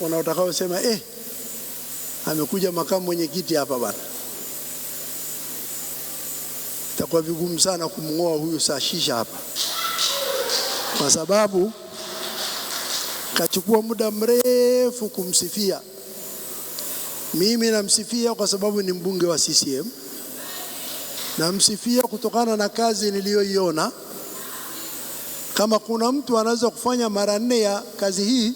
wanaotakaosema eh, amekuja makamu mwenyekiti hapa bana, itakuwa vigumu sana kumng'oa huyu sashisha hapa, kwa sababu kachukua muda mrefu kumsifia. Mimi namsifia kwa sababu ni mbunge wa CCM, namsifia kutokana na kazi niliyoiona. Kama kuna mtu anaweza kufanya mara nne ya kazi hii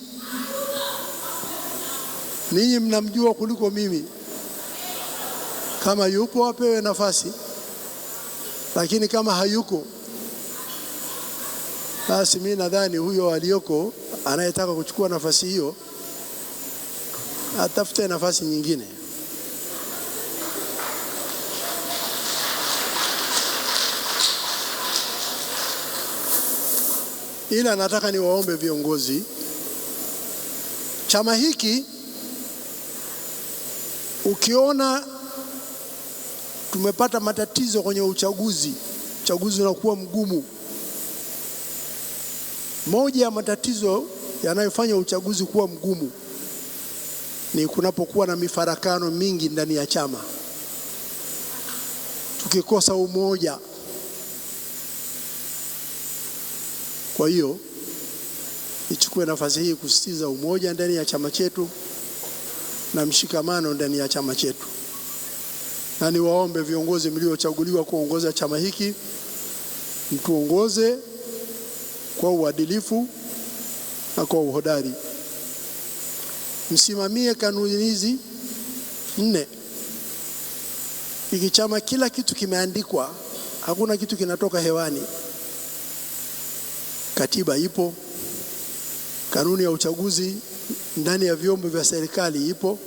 Ninyi mnamjua kuliko mimi, kama yupo apewe nafasi, lakini kama hayuko basi mimi nadhani huyo aliyoko anayetaka kuchukua nafasi hiyo atafute nafasi nyingine. Ila nataka niwaombe viongozi, chama hiki Ukiona tumepata matatizo kwenye uchaguzi, uchaguzi unakuwa mgumu. Moja ya matatizo yanayofanya uchaguzi kuwa mgumu ni kunapokuwa na mifarakano mingi ndani ya chama, tukikosa umoja. Kwa hiyo nichukue nafasi hii kusisitiza umoja ndani ya chama chetu na mshikamano ndani ya chama chetu, na niwaombe viongozi mliochaguliwa kuongoza chama hiki, mtuongoze kwa uadilifu na kwa uhodari. Msimamie kanuni hizi nne. Hiki chama kila kitu kimeandikwa, hakuna kitu kinatoka hewani. Katiba ipo. Kanuni ya uchaguzi ndani ya vyombo vya serikali ipo,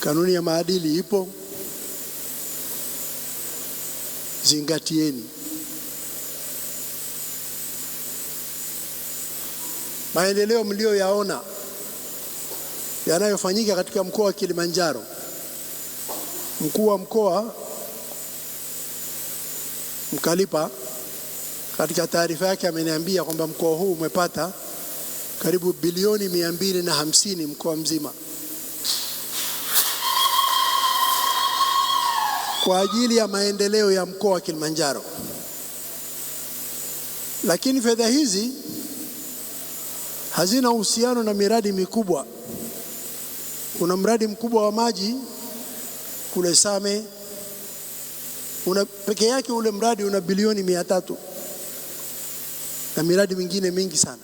kanuni ya maadili ipo. Zingatieni. Maendeleo mliyoyaona yanayofanyika katika mkoa wa Kilimanjaro, mkuu wa mkoa Mkalipa katika taarifa yake ameniambia kwamba mkoa huu umepata karibu bilioni mia mbili na hamsini mkoa mzima kwa ajili ya maendeleo ya mkoa wa Kilimanjaro. Lakini fedha hizi hazina uhusiano na miradi mikubwa. Kuna mradi mkubwa wa maji kule Same una, peke yake ule mradi una bilioni mia tatu na miradi mingine mingi sana.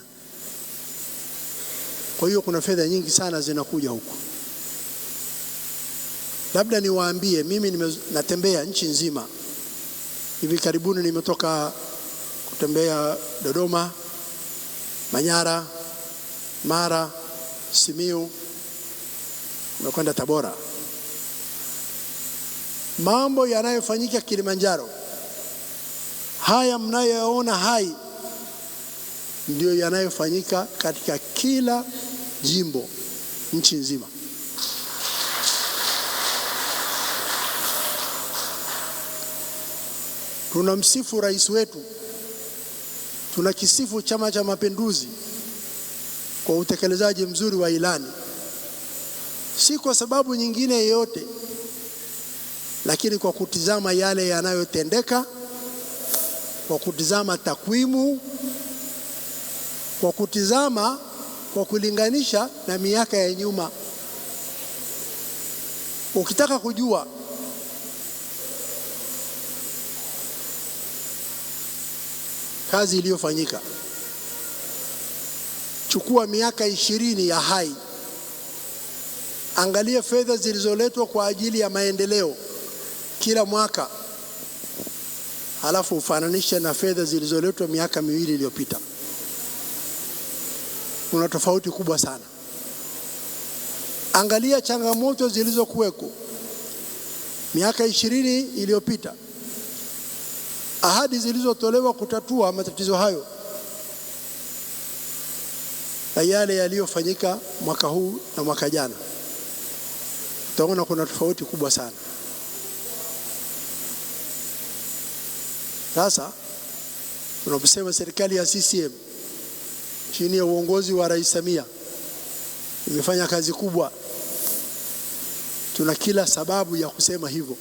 Kwa hiyo kuna fedha nyingi sana zinakuja huku. Labda niwaambie mimi natembea nchi nzima. Hivi karibuni nimetoka kutembea Dodoma, Manyara, Mara, Simiu, nimekwenda Tabora. Mambo yanayofanyika Kilimanjaro haya mnayoona hai ndiyo yanayofanyika katika kila jimbo nchi nzima. Tunamsifu rais wetu, tunakisifu Chama cha Mapinduzi kwa utekelezaji mzuri wa ilani, si kwa sababu nyingine yoyote, lakini kwa kutizama yale yanayotendeka, kwa kutizama takwimu kwa kutizama, kwa kulinganisha na miaka ya nyuma. Ukitaka kujua kazi iliyofanyika, chukua miaka ishirini ya Hai, angalia fedha zilizoletwa kwa ajili ya maendeleo kila mwaka, halafu ufananishe na fedha zilizoletwa miaka miwili iliyopita kuna tofauti kubwa sana. Angalia changamoto zilizokuweko miaka ishirini iliyopita, ahadi zilizotolewa kutatua matatizo hayo na yale yaliyofanyika mwaka huu na mwaka jana, utaona kuna tofauti kubwa sana. Sasa tunaposema serikali ya CCM chini ya uongozi wa Rais Samia imefanya kazi kubwa. Tuna kila sababu ya kusema hivyo.